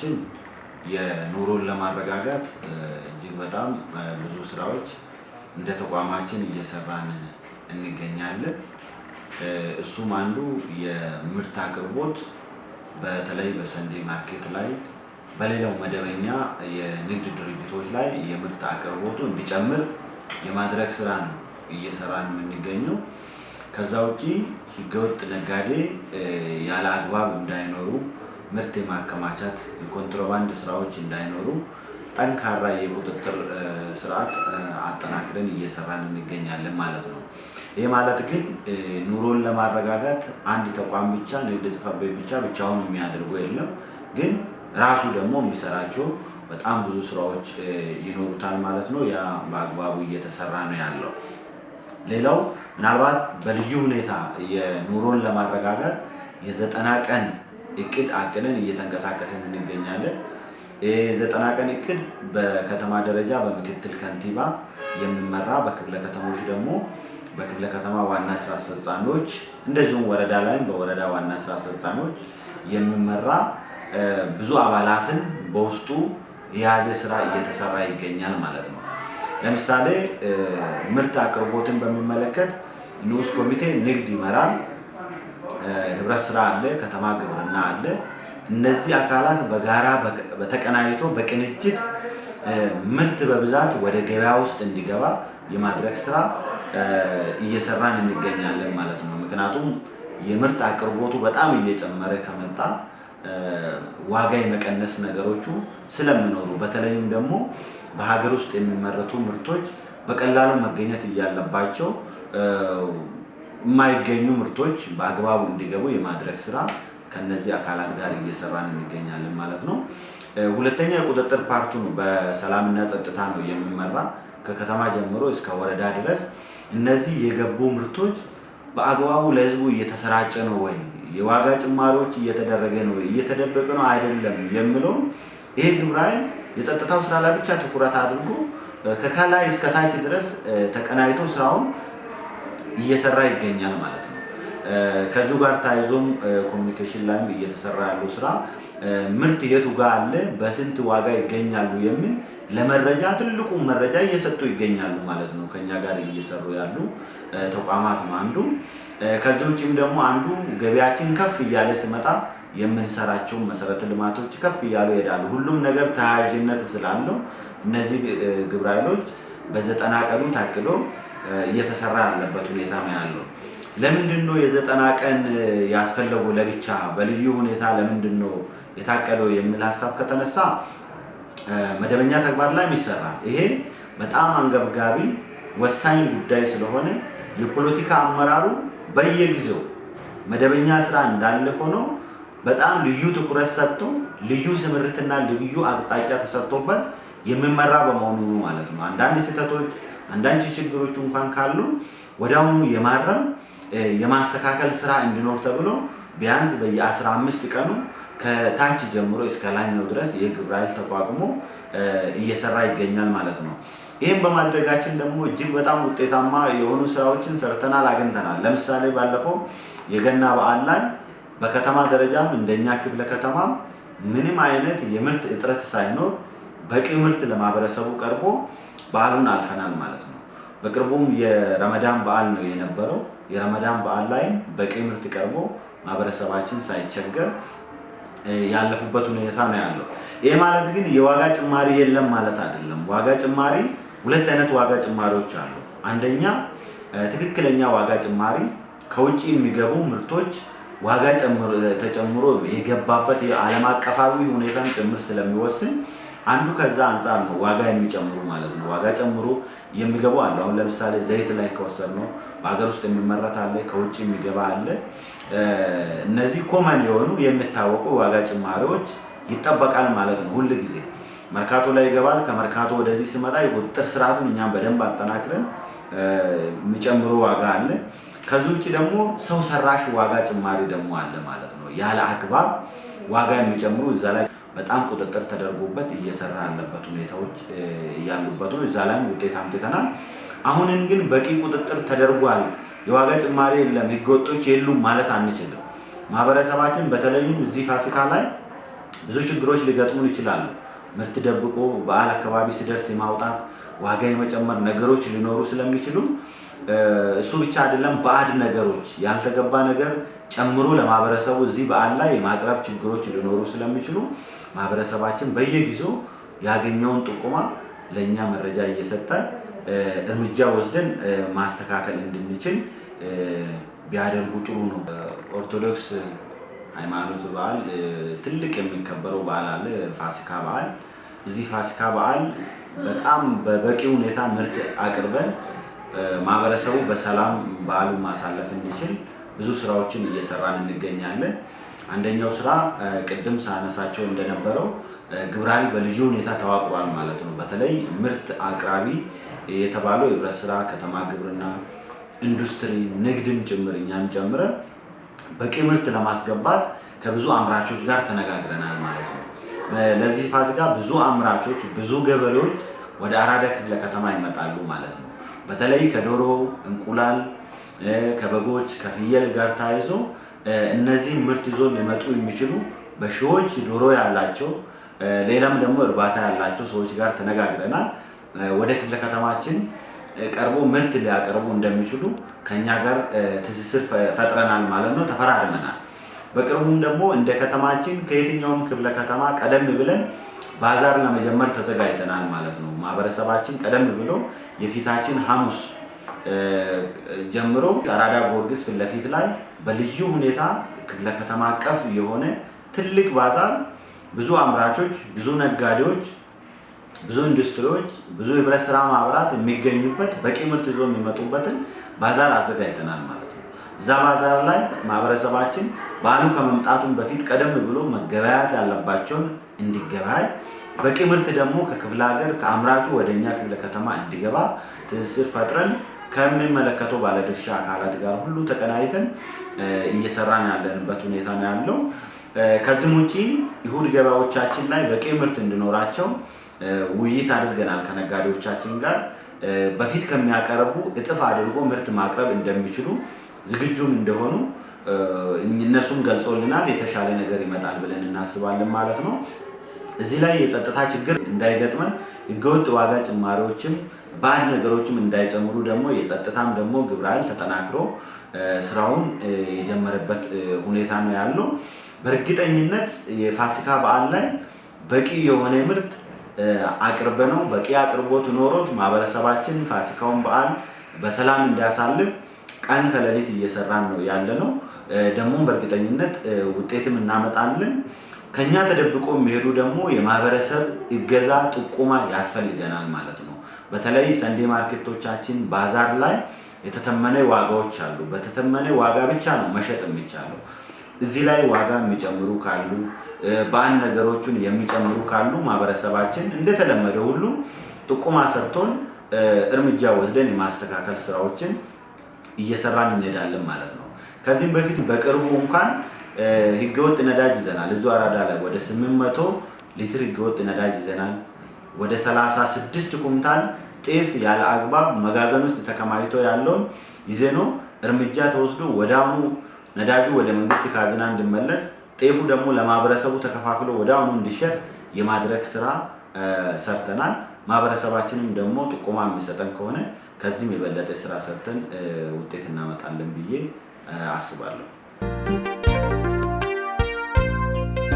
ሀገራችን የኑሮን ለማረጋጋት እጅግ በጣም ብዙ ስራዎች እንደ ተቋማችን እየሰራን እንገኛለን። እሱም አንዱ የምርት አቅርቦት በተለይ በሰንዴ ማርኬት ላይ በሌላው መደበኛ የንግድ ድርጅቶች ላይ የምርት አቅርቦቱ እንዲጨምር የማድረግ ስራ ነው እየሰራን የምንገኘው። ከዛ ውጪ ህገወጥ ነጋዴ ያለ አግባብ እንዳይኖሩ ምርት የማከማቻት የኮንትሮባንድ ስራዎች እንዳይኖሩ ጠንካራ የቁጥጥር ስርዓት አጠናክረን እየሰራን እንገኛለን ማለት ነው። ይህ ማለት ግን ኑሮን ለማረጋጋት አንድ ተቋም ብቻ ንግድ ጽሕፈት ቤት ብቻ ብቻውን የሚያደርገው የለም። ግን ራሱ ደግሞ የሚሰራቸው በጣም ብዙ ስራዎች ይኖሩታል ማለት ነው። ያ በአግባቡ እየተሰራ ነው ያለው። ሌላው ምናልባት በልዩ ሁኔታ የኑሮን ለማረጋጋት የዘጠና ቀን እቅድ አቅደን እየተንቀሳቀስን እንገኛለን። ዘጠና ቀን እቅድ በከተማ ደረጃ በምክትል ከንቲባ የሚመራ በክፍለ ከተማዎች ደግሞ በክፍለ ከተማ ዋና ስራ አስፈጻሚዎች እንደዚሁም ወረዳ ላይም በወረዳ ዋና ስራ አስፈጻሚዎች የሚመራ ብዙ አባላትን በውስጡ የያዘ ስራ እየተሰራ ይገኛል ማለት ነው። ለምሳሌ ምርት አቅርቦትን በሚመለከት ንዑስ ኮሚቴ ንግድ ይመራል። ህብረት ስራ አለ፣ ከተማ ግብርና አለ። እነዚህ አካላት በጋራ በተቀናጅቶ በቅንጅት ምርት በብዛት ወደ ገበያ ውስጥ እንዲገባ የማድረግ ስራ እየሰራን እንገኛለን ማለት ነው። ምክንያቱም የምርት አቅርቦቱ በጣም እየጨመረ ከመጣ ዋጋ የመቀነስ ነገሮቹ ስለሚኖሩ በተለይም ደግሞ በሀገር ውስጥ የሚመረቱ ምርቶች በቀላሉ መገኘት እያለባቸው የማይገኙ ምርቶች በአግባቡ እንዲገቡ የማድረግ ስራ ከነዚህ አካላት ጋር እየሰራን እንገኛለን ማለት ነው። ሁለተኛ የቁጥጥር ፓርቱን በሰላምና ጸጥታ ነው የሚመራ ከከተማ ጀምሮ እስከ ወረዳ ድረስ እነዚህ የገቡ ምርቶች በአግባቡ ለህዝቡ እየተሰራጨ ነው ወይ፣ የዋጋ ጭማሪዎች እየተደረገ ነው እየተደበቀ ነው አይደለም የምለውም ይሄ ግብረ ኃይል የጸጥታው ስራ ላይ ብቻ ትኩረት አድርጎ ከከላይ እስከታች ድረስ ተቀናጅቶ ስራውን እየሰራ ይገኛል ማለት ነው። ከዚሁ ጋር ታይዞም ኮሚኒኬሽን ላይም እየተሰራ ያለው ስራ ምርት የቱ ጋር አለ፣ በስንት ዋጋ ይገኛሉ የሚል ለመረጃ ትልቁ መረጃ እየሰጡ ይገኛሉ ማለት ነው። ከኛ ጋር እየሰሩ ያሉ ተቋማት አንዱ። ከዚህ ውጭም ደግሞ አንዱ ገበያችን ከፍ እያለ ሲመጣ የምንሰራቸው መሰረተ ልማቶች ከፍ እያሉ ይሄዳሉ። ሁሉም ነገር ተያያዥነት ስላለው እነዚህ ግብረ ኃይሎች በዘጠና ቀኑ ታቅዶ እየተሰራ ያለበት ሁኔታ ነው ያለው። ለምንድን ነው የዘጠና ቀን ያስፈለጉ ለብቻ በልዩ ሁኔታ ለምንድን ነው የታቀደው የሚል ሀሳብ ከተነሳ መደበኛ ተግባር ላይ ይሰራል። ይሄ በጣም አንገብጋቢ ወሳኝ ጉዳይ ስለሆነ የፖለቲካ አመራሩ በየጊዜው መደበኛ ስራ እንዳለ ሆኖ በጣም ልዩ ትኩረት ሰጥቶ ልዩ ስምርትና ልዩ አቅጣጫ ተሰጥቶበት የሚመራ በመሆኑ ማለት ነው አንዳንድ ስህተቶች አንዳንድ ችግሮች እንኳን ካሉ ወዲያውኑ የማረም የማስተካከል ስራ እንዲኖር ተብሎ ቢያንስ በየ15 ቀኑ ከታች ጀምሮ እስከ ላይኛው ድረስ የግብረ ኃይል ተቋቁሞ እየሰራ ይገኛል ማለት ነው። ይህም በማድረጋችን ደግሞ እጅግ በጣም ውጤታማ የሆኑ ስራዎችን ሰርተናል፣ አግኝተናል። ለምሳሌ ባለፈው የገና በዓል ላይ በከተማ ደረጃም እንደኛ ክፍለ ከተማ ምንም አይነት የምርት እጥረት ሳይኖር በቂ ምርት ለማህበረሰቡ ቀርቦ በዓሉን አልፈናል ማለት ነው። በቅርቡም የረመዳን በዓል ነው የነበረው። የረመዳን በዓል ላይም በቀይ ምርት ቀርቦ ማህበረሰባችን ሳይቸገር ያለፉበት ሁኔታ ነው ያለው። ይህ ማለት ግን የዋጋ ጭማሪ የለም ማለት አይደለም። ዋጋ ጭማሪ ሁለት አይነት ዋጋ ጭማሪዎች አሉ። አንደኛ ትክክለኛ ዋጋ ጭማሪ ከውጭ የሚገቡ ምርቶች ዋጋ ተጨምሮ የገባበት የዓለም አቀፋዊ ሁኔታን ጭምር ስለሚወስን አንዱ ከዛ አንጻር ነው ዋጋ የሚጨምሩ ማለት ነው። ዋጋ ጨምሮ የሚገቡ አሉ። አሁን ለምሳሌ ዘይት ላይ ከወሰድ ነው በሀገር ውስጥ የሚመረት አለ፣ ከውጭ የሚገባ አለ። እነዚህ ኮመን የሆኑ የሚታወቁ ዋጋ ጭማሪዎች ይጠበቃል ማለት ነው። ሁል ጊዜ መርካቶ ላይ ይገባል። ከመርካቶ ወደዚህ ሲመጣ የቁጥር ስርዓቱን እኛም በደንብ አጠናክረን የሚጨምሩ ዋጋ አለ። ከዚህ ውጭ ደግሞ ሰው ሰራሽ ዋጋ ጭማሪ ደግሞ አለ ማለት ነው። ያለ አግባብ ዋጋ የሚጨምሩ እዛ ላይ በጣም ቁጥጥር ተደርጎበት እየሰራ ያለበት ሁኔታዎች ያሉበት ነው። እዛ ላይም ውጤት አምጥተናል። አሁንም ግን በቂ ቁጥጥር ተደርጓል፣ የዋጋ ጭማሪ የለም፣ ህገወጦች የሉም ማለት አንችልም። ማህበረሰባችን በተለይም እዚህ ፋሲካ ላይ ብዙ ችግሮች ሊገጥሙን ይችላሉ። ምርት ደብቆ በዓል አካባቢ ሲደርስ የማውጣት ዋጋ የመጨመር ነገሮች ሊኖሩ ስለሚችሉ እሱ ብቻ አይደለም፣ ባዕድ ነገሮች ያልተገባ ነገር ጨምሮ ለማህበረሰቡ እዚህ በዓል ላይ የማቅረብ ችግሮች ሊኖሩ ስለሚችሉ ማህበረሰባችን በየጊዜው ያገኘውን ጥቆማ ለእኛ መረጃ እየሰጠ እርምጃ ወስደን ማስተካከል እንድንችል ቢያደርጉ ጥሩ ነው። ኦርቶዶክስ ሃይማኖት በዓል ትልቅ የሚከበረው በዓል አለ፣ ፋሲካ በዓል። እዚህ ፋሲካ በዓል በጣም በበቂ ሁኔታ ምርት አቅርበን ማህበረሰቡ በሰላም በዓሉን ማሳለፍ እንዲችል ብዙ ስራዎችን እየሰራን እንገኛለን። አንደኛው ስራ ቅድም ሳነሳቸው እንደነበረው ግብራዊ በልዩ ሁኔታ ተዋቅሯል ማለት ነው። በተለይ ምርት አቅራቢ የተባለው የህብረት ስራ፣ ከተማ ግብርና፣ ኢንዱስትሪ፣ ንግድን ጭምር እኛም ጨምረ በቂ ምርት ለማስገባት ከብዙ አምራቾች ጋር ተነጋግረናል ማለት ነው። ለዚህ ፋሲካ ብዙ አምራቾች ብዙ ገበሬዎች ወደ አራዳ ክፍለ ከተማ ይመጣሉ ማለት ነው። በተለይ ከዶሮ እንቁላል፣ ከበጎች፣ ከፍየል ጋር ተያይዞ እነዚህ ምርት ይዞ ሊመጡ የሚችሉ በሺዎች ዶሮ ያላቸው ሌላም ደግሞ እርባታ ያላቸው ሰዎች ጋር ተነጋግረናል። ወደ ክፍለ ከተማችን ቀርቦ ምርት ሊያቀርቡ እንደሚችሉ ከኛ ጋር ትስስር ፈጥረናል ማለት ነው፣ ተፈራርመናል። በቅርቡም ደግሞ እንደ ከተማችን ከየትኛውም ክፍለ ከተማ ቀደም ብለን ባዛር ለመጀመር ተዘጋጅተናል ማለት ነው። ማህበረሰባችን ቀደም ብሎ የፊታችን ሐሙስ ጀምሮ አራዳ ጊዮርጊስ ፊት ለፊት ላይ በልዩ ሁኔታ ለከተማ አቀፍ የሆነ ትልቅ ባዛር ብዙ አምራቾች፣ ብዙ ነጋዴዎች፣ ብዙ ኢንዱስትሪዎች፣ ብዙ የህብረት ስራ ማህበራት የሚገኙበት በቂ ምርት ይዞ የሚመጡበትን ባዛር አዘጋጅተናል ማለት ነው። እዛ ባዛር ላይ ማህበረሰባችን በዓሉ ከመምጣቱን በፊት ቀደም ብሎ መገበያት ያለባቸውን እንዲገበያይ በቂ ምርት ደግሞ ከክፍለ ሀገር ከአምራቹ ወደ እኛ ክፍለ ከተማ እንዲገባ ትስስር ፈጥረን ከሚመለከተው ባለድርሻ አካላት ጋር ሁሉ ተቀናይተን እየሰራን ያለንበት ሁኔታ ነው ያለው። ከዚህም ውጪ እሁድ ገበያዎቻችን ላይ በቂ ምርት እንዲኖራቸው ውይይት አድርገናል ከነጋዴዎቻችን ጋር በፊት ከሚያቀርቡ እጥፍ አድርጎ ምርት ማቅረብ እንደሚችሉ ዝግጁም እንደሆኑ እነሱም ገልጾልናል። የተሻለ ነገር ይመጣል ብለን እናስባለን ማለት ነው። እዚህ ላይ የጸጥታ ችግር እንዳይገጥመን ህገወጥ ዋጋ ጭማሪዎችም ባድ ነገሮችም እንዳይጨምሩ ደግሞ የጸጥታም ደግሞ ግብረ ኃይል ተጠናክሮ ስራውን የጀመረበት ሁኔታ ነው ያለው። በእርግጠኝነት የፋሲካ በዓል ላይ በቂ የሆነ ምርት አቅርበ ነው በቂ አቅርቦት ኖሮት ማህበረሰባችን ፋሲካውን በዓል በሰላም እንዲያሳልፍ ቀን ከሌሊት እየሰራን ነው ያለ ነው። ደግሞ በእርግጠኝነት ውጤትም እናመጣለን። ከኛ ተደብቆ የሚሄዱ ደግሞ የማህበረሰብ እገዛ ጥቁማ ያስፈልገናል ማለት ነው። በተለይ ሰንዴ ማርኬቶቻችን ባዛር ላይ የተተመነ ዋጋዎች አሉ። በተተመነ ዋጋ ብቻ ነው መሸጥ የሚቻለው። እዚህ ላይ ዋጋ የሚጨምሩ ካሉ በአንድ ነገሮቹን የሚጨምሩ ካሉ ማህበረሰባችን እንደተለመደ ሁሉ ጥቁማ ሰርቶን እርምጃ ወስደን የማስተካከል ስራዎችን እየሰራን እንሄዳለን ማለት ነው። ከዚህም በፊት በቅርቡ እንኳን ህገወጥ ነዳጅ ይዘናል። እዙ አራዳ ላይ ወደ ስምንት መቶ ሊትር ህገወጥ ነዳጅ ይዘናል። ወደ 36 ኩንታል ጤፍ ያለ አግባብ መጋዘን ውስጥ ተከማችቶ ያለውን ይዘኖ እርምጃ ተወስዶ ወዳሁኑ ነዳጁ ወደ መንግስት ካዝና እንዲመለስ፣ ጤፉ ደግሞ ለማህበረሰቡ ተከፋፍሎ ወዲያውኑ እንዲሸጥ የማድረግ ስራ ሰርተናል። ማህበረሰባችንም ደግሞ ጥቆማ የሚሰጠን ከሆነ ከዚህም የበለጠ ስራ ሰርተን ውጤት እናመጣለን ብዬ አስባለሁ።